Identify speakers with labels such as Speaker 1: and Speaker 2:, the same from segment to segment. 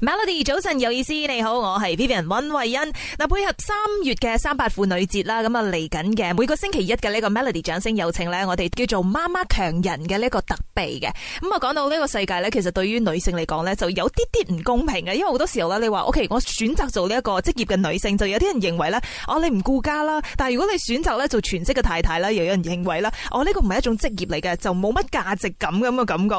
Speaker 1: Melody 早晨有意思，你好，我係 Vivian 溫慧欣。嗱，配合三月嘅三八婦女節啦，咁啊嚟緊嘅每個星期一嘅呢個 Melody 掌聲有請呢，我哋叫做媽媽強人嘅呢個特備嘅。咁啊，講到呢個世界呢，其實對於女性嚟講呢，就有啲啲唔公平嘅，因為好多時候呢，你話 OK，我選擇做呢一個職業嘅女性，就有啲人認為呢，哦，你唔顧家啦。但係如果你選擇呢做全職嘅太太啦，又有人認為呢，哦，呢個唔係一種職業嚟嘅，就冇乜價值感咁嘅感覺。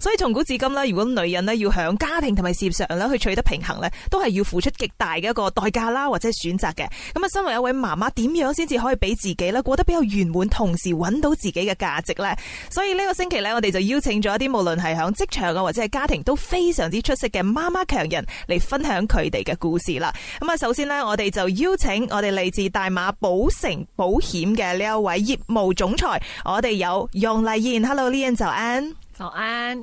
Speaker 1: 所以從古至今呢，如果女人呢要響家庭同埋事業上去取得平衡咧，都係要付出極大嘅一個代價啦，或者選擇嘅。咁啊，身為一位媽媽，點樣先至可以俾自己咧過得比較圓滿，同時揾到自己嘅價值呢？所以呢個星期咧，我哋就邀請咗一啲無論係響職場啊，或者係家庭都非常之出色嘅媽媽強人嚟分享佢哋嘅故事啦。咁啊，首先呢，我哋就邀請我哋嚟自大馬保誠保險嘅呢一位業務總裁，我哋有楊麗燕。Hello，麗燕，早安，早安。